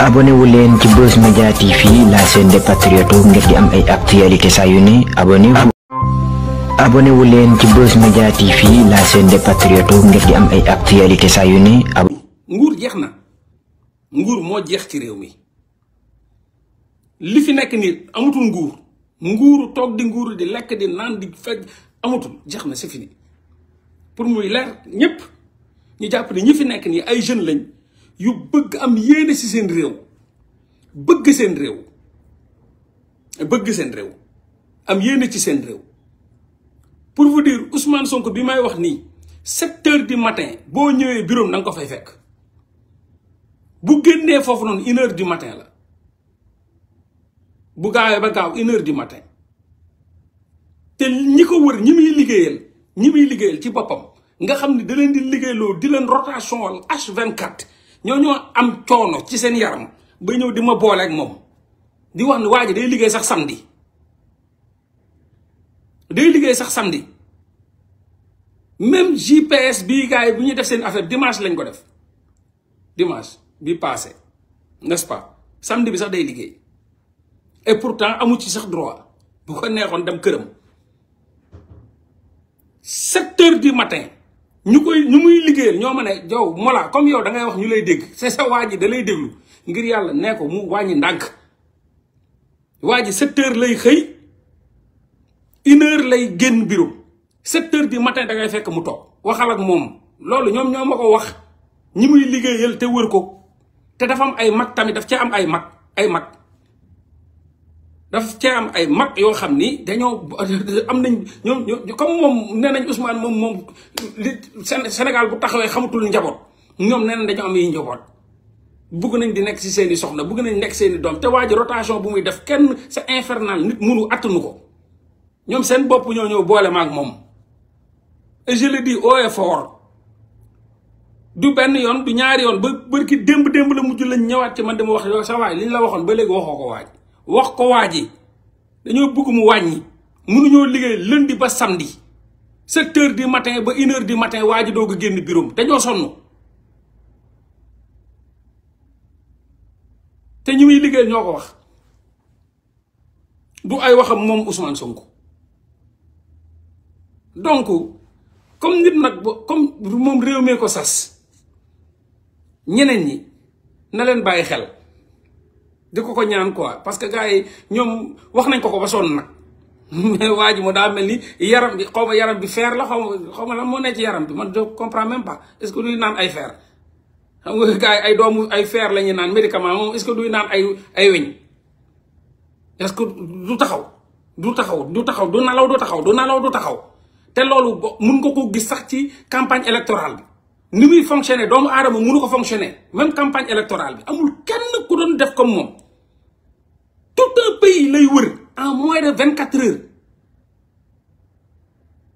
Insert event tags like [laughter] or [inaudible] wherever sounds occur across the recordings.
abonné wu leen ci Buzz Media TV la chaîne des patriotes ngir di am ay actualité saa yu ne abonné wu. abonné wu leen ci Buzz Media TV la chaîne des patriotes ngir di am ay actualité saa yu ne. nguur jeex na nguur moo jeex ci réew mi li fi nekk nii amatul nguur nguuru toog di nguur di lekk di naan di amatul jeex na c'est fini pour muy leer ñëpp ñu jàpp ne ñi fi nekk nii ay jeunes lañ. yu bëgg am yéene ci seen réew bëgg seen réew bëgg seen réew am yéene ci seen réew pour vous dire Ousmane Sonko bi may wax nii secteur heures du matin boo ñëwee bureau da nga ko fay fekk bu génnee foofu noonu une heure du matin la bu gaawee ba gaaw une heure du matin te ñi ko wër ñi muy liggéeyal ñi muy liggéeyal ci boppam nga xam ne da leen di liggéeyloo di leen rotation wal H24 ñoo ñoo am coono ci seen yaram ba ñëw di ma boole moom di wax ne waa ji day liggéey sax samedi day liggéey sax samedi même GPS bi gars yi bu ñuy def seen affaire dimanche lañ ko def dimanche bi passé n'est-ce pas samedi bi sax day liggéey et pourtant amu ci sax droit bu ko neexoon dem këram sept heures du matin ñu koy ñu muy liggéeyal ñoo ma ne jow Mollah comme yow dangay wax ñu lay dégg c'est ça waa ji da lay déglu ngir yàlla nee ko mu wàññi ndànk waa ji sept lay xëy une lay génn bureau secteur heures du matin da fekk mu toog waxal ak moom loolu ñoom ñoo ma ko wax ñi muy liggéeyal te wër ko te dafa am ay mag tamit daf ci am ay mag ay mag daf ca am ay mat yoo xam ni dañoo am nañ ñoom comme moom nee nañ moom moom li Sénégal bu taxawee xamatul njaboot ñoom nee nañ dañoo am yi njaboot bëgg nañ di nekk si seen i soxna bëgg nañ nekk seen i doom te waa ji rotation bu muy def kenn sa infernal nit munu attanu ko ñoom seen bopp ñoo ñëw boole maag moom et di le dis haut du benn yoon du ñaari yoon ba bërki démb démb la mujj lañ ñawaat ci man dama wax yow sa waay li la waxoon ba léegi waxoo ko waaj wax ko waa ji dañoo bëgg mu wàññi mënuñoo liggéey lundi ba samedi secteur heures du matin ba une heure du matin waa ji doog a génn bureau dañoo sonn te ñi muy liggéey ñoo ko wax du ay waxam moom Ousmane Sonko donc comme nit nag ba comme moom réew mee ko sas ñeneen ñi na leen bàyyi xel di ko ko ñaan quoi parce que gars yi ñoom wax nañ ko ko ba sonn nag [laughs] waa ji mu daa mel ni yaram bi xaw ma yaram bi fer la xaw ma xaw ma lan moo ne ci yaram bi man je comprends même pas naan ay fer xam nga gars yi ay doomu ay fer la ñuy naan médicament moom est que duy naan ay ay weñ est ce que du taxaw du taxaw du taxaw du nalaw du taxaw du nalaw du taxaw te loolu mun nga ko gis sax ci campagne électoral bi ni muy fonctionner doomu aadama mënu ko fonctionner même campagne électorale bi amul kenn doon def comme moom tout un pays lay wër en moins de vingt quatre heures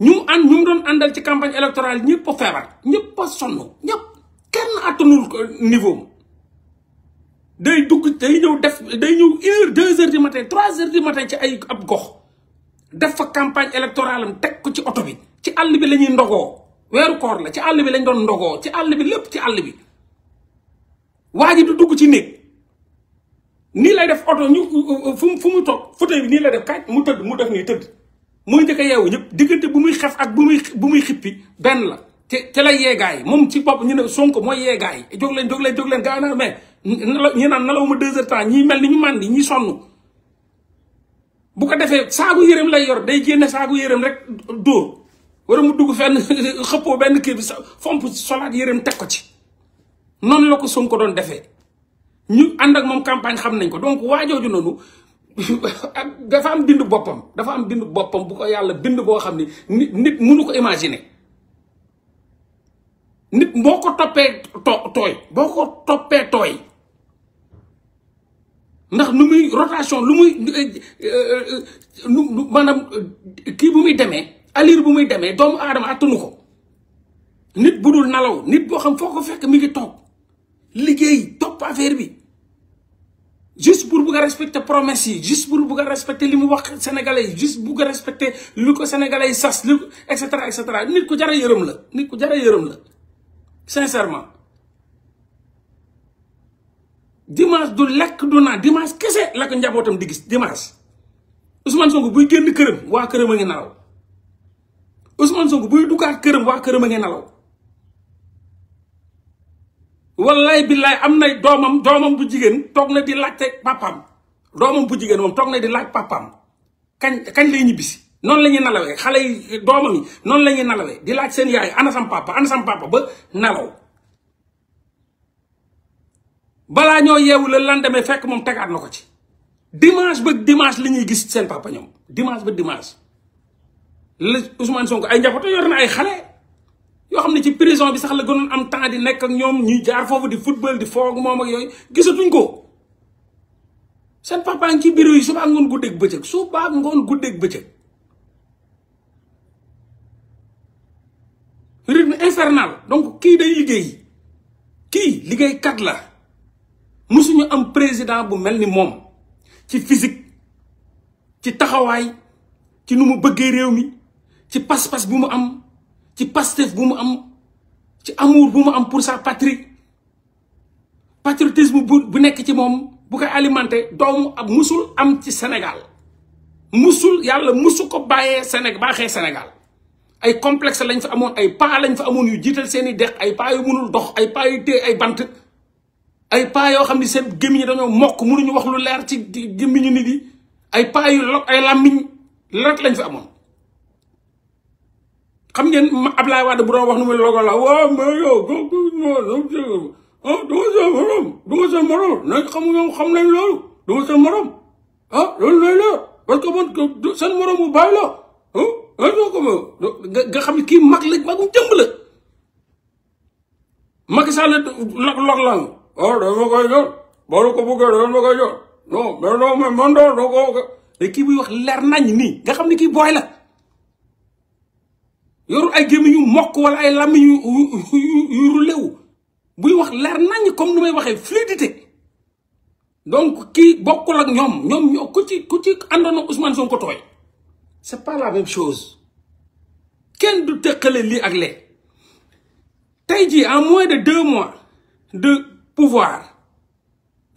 ñu mu ñu mu doon àndal ci campagne électorale ñëpp a feebar ñëpp a sonn ñëpp kenn attanul niveau day dugg day ñëw def day ñëw une heure deux heures du matin trois heures du matin ci ay ab gox def fa campagne électorale am teg ko ci oto bi ci àll bi la ñuy ndogoo weeru koor la ci àll bi lañ doon ndogoo ci àll bi lépp ci àll bi waa ji du dugg ci néeg nii lay def oto ñu euh, fu mu fu mu toog fauteuil bi nii lay def kaaj mu tëdd mu def nii tëdd muy njëkk a yeewu ñëpp diggante bu muy xef ak bu muy bu muy xippi benn la te te la yeegaay moom ci bopp ñu ne Sonko mooy yeegaay jóg leen jóg leen jóg leen gaaw na mais ñu naan nalaw ma deux heures temps ñii mel ni ñu màndi ñii sonn bu ko defee saagu yërëm lay yor day génne saagu yërëm rek dóor wara mu dugg fenn [laughs] xëppoo benn kii bi fomp solaat yërëm teg ko ci noonu la ko son ko doon defee ñu ànd ak moom campagne xam nañ ko donc waa waajooju noonu [laughs] dafa am bind boppam dafa am bind boppam bu ko yàlla bind boo xam ni nit nit mënu ko imaginer nit boo ko toppee to tooy boo ko toppee tooy ndax nu muy rotation lu muy eh, eh, maanaam eh, kii bu muy demee allir bu muy demee doomu aadama attanu ko nit bu dul nalaw nit boo xam foo ko fekk mi ngi toog liggéey topp affaire bi juste pour bugg a respecter promesse yi juste pour bugg a respecter li mu wax sénégalais yi juste bugg a respecter lu ko sénégalais yi sas li et cetera et cetera nit ku jara yërëm la nit ku jara yërëm la sincèrement dimanche du lekk du naan dimanche kese la njabootam di gis dimanche Ousmane Sonko buy génn këram waa këram a ngi nalaw Ousmane Sonko buy duggaat këram waa këram a ngi nalaw wallaay billaay am na doomam doomam bu jigéen toog na di laajte papam doomam bu jigéen moom toog na di laaj papam kañ kañ lay ñibbisi noonu lañuy ñuy nalawee xale yi doomam yi noonu lañuy nalawee di laaj seen yaay ana sam papa ana sam papa ba nalaw balaa ñoo yeewu la lan demee fekk moom tegaat na ko ci dimanche ba dimanche la ñuy gis seen papa ñoom dimanche ba dimanche la Ousmane Sonko ay njabootam yor na ay xale. yoo xam ci prison bi sax la gënoon am temps di nekk ak ñoom ñuy jaar foofu di football di foog moom ak yooyu gisatuñ ko seen papa ngi ci bureau yi suba ngoon guddeeg bëccëg suba ngoon guddeeg bëccëg rythme infernal donc kii day liggéey kii kat la musuñu am président bu mel ni moom ci physique ci taxawaay ci nu mu bëggee réew mi ci pas-pas bu mu am ci pastef bu mu am ci amour bu mu am pour sa patrie patriotisme bu bu nekk ci moom bu koy alimenté doom ab musul am ci Sénégal musul yàlla musul ko bàyyee Sénégal baaxee Sénégal ay complexe lañ fi amoon ay paa lañ fa amoon yu jiital seeni dex ay paa yu mënul dox ay paa yu téye ay bant ay paa yoo xam ni seen gémmiñ yi dañoo mokk mënuñu wax lu leer ci gémmiñu nit yi ay paa yu lok ay làmmiñ lot lañ fi amoon xam ngeen Ablaye Wade bu doon wax nu muy logo la waaw mais yow ah du ma sa morom du ma sa morom nag xam nga xam nañ loolu du ma sa morom ah loolu lay la parce que man seen morom bu bàyyi la ah ah soo ko ma nga xam ne kii mag la magum jëmb la Macky Sall log log la ah da ma koy jot boo ko bëggee da ma koy jot non mais non mais man doo doo ko te kii buy wax leer nañ nii nga xam ne kii booy la. yorul ay gémmiñ yu mokk wala ay làmmiñ yu yu yu lew buy wax leer naññ comme nu may waxee fluidité donc kii bokkul ak ñoom ñoom ñoo ku ci ku ci àndoon ak Ousmane Sonko tooy c'est par la même chose kenn du teqale lii ak lee tey jii en moins de deux mois de pouvoir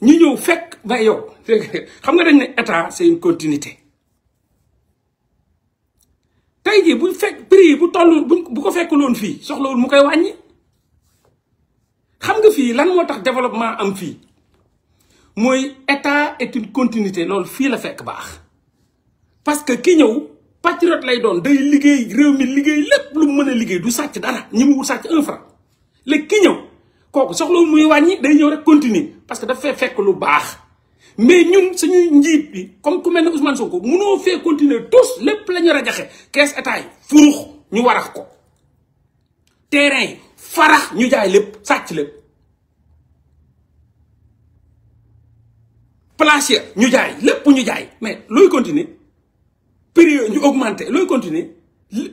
ñu ñëw fekk ba yow [laughs] xam nga dañ ne état seen une continuité tey jii bu fekk prix bu toll bu ko fekkloon fii soxlawul mu koy wàññi xam nga fii lan moo tax développement am fii mooy état est une continuité loolu fii la fekk baax parce que ki ñëw patriote lay doon day liggéey réew mi liggéey lépp lu mu mën a liggéey du sàcc dara ñi mu wut sàcc un franc léegi ki ñëw kooku soxlawul muy wàññi day ñëw rek continuer parce que daf fekk lu baax mais ñun suñuy njiit yi comme ku mel ne Ousmane Sonko munoo fee continuer tous lépp la ñu rajaxe kees état yi furux ñu warax ko terrain yi farax ñu jaay lépp sàcc lépp place ya ñu jaay lépp ñu jaay mais looy continuer prix ñu augmenter looy continuer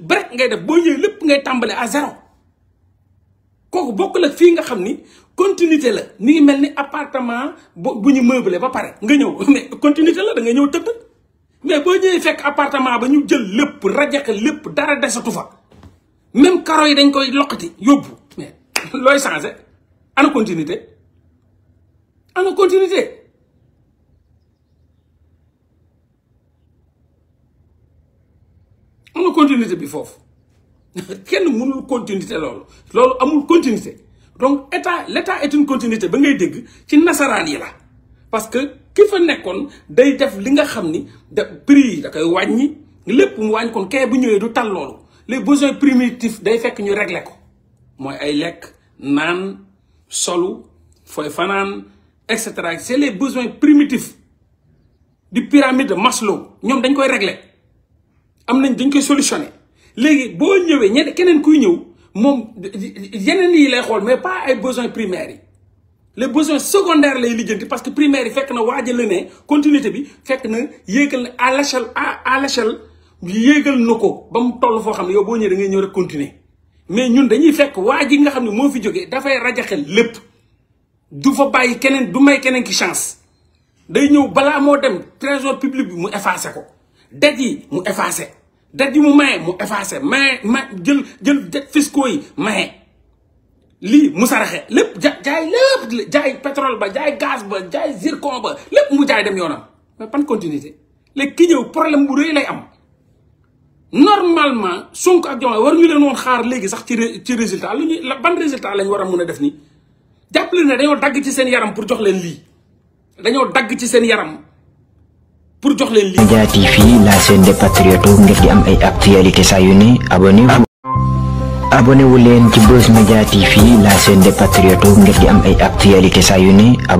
brek ngay def boo ñëwee lépp ngay tàmbale à zéro kooku bokkul ak fii nga xam ni continuité la ni ngi mel ni appartement bu ñu meublé ba pare nga ñëw [laughs] mais continuité la da nga ñëw tëdd mais boo ñëwee fekk appartement ba ñu jël lépp rajaxe lépp dara desatu fa même karo yi dañ koy loqati yóbbu mais [laughs] looy changé ana continuité ana continuité ana continuité bi foofu kenn mënul continuité loolu loolu amul continuité donc état l' état est une continuité ba ngay dégg ci nasaraan yi la parce que ki fa nekkoon day def li nga xam ni da prix yi da koy wàññi lépp mu wàññi kon kay bu ñëwee du tal loolu les besoins primitifs day fekk ñu régler ko mooy ay lekk naan solu fooy fanaan et cetera c' est les besoins primitifs du pyramide de Maslow ñoom dañ koy régler am nañ dañ koy solutionner. léegi boo ñëwee ñeneen keneen kuy ñëw moom yeneen yi lay xool mais pas ay besoins primaires yi les besoins secondaires lay lijjanti parce que primaires yi fekk na waajal la ne continuité bi fekk na yéegal na à l'échelle à l'échelle yéegal na ko ba mu toll foo xam ne yow boo ñëwee da ngay ñëw rek continuer mais ñun dañuy fekk waa ji nga xam ne moo fi jógee dafay rajaxel lépp du fa bàyyi keneen du may keneen ki chance day ñëw balaa moo dem trésor public bi mu effacé ko det yi mu effacé det yi mu maye mu effacé maye ma jël jël det fiscaux yi maye lii mu saraxe lépp ja jaay lépp jaay pétrole ba jaay gaz ba jaay zircon ba lépp mu jaay dem yoonam mais pan continuité léegi ki ñëw problème bu rëy lay am normalement Sonko ak Diomaye war ñu leen woon xaar léegi sax ci ci résultat lu ñuy la ban résultat lañ war a mën a def nii jàpp jàppale ne dañoo dagg ci seen yaram pour jox leen lii dañoo dagg ci seen yaram pour jox leen lii. Média TV la chaîne des patriotes ngir di am ay actualité saa yu ne abonné abonné wu leen ci Buzz Média TV la chaîne des patriotes ngir di am ay actualité saa yu ne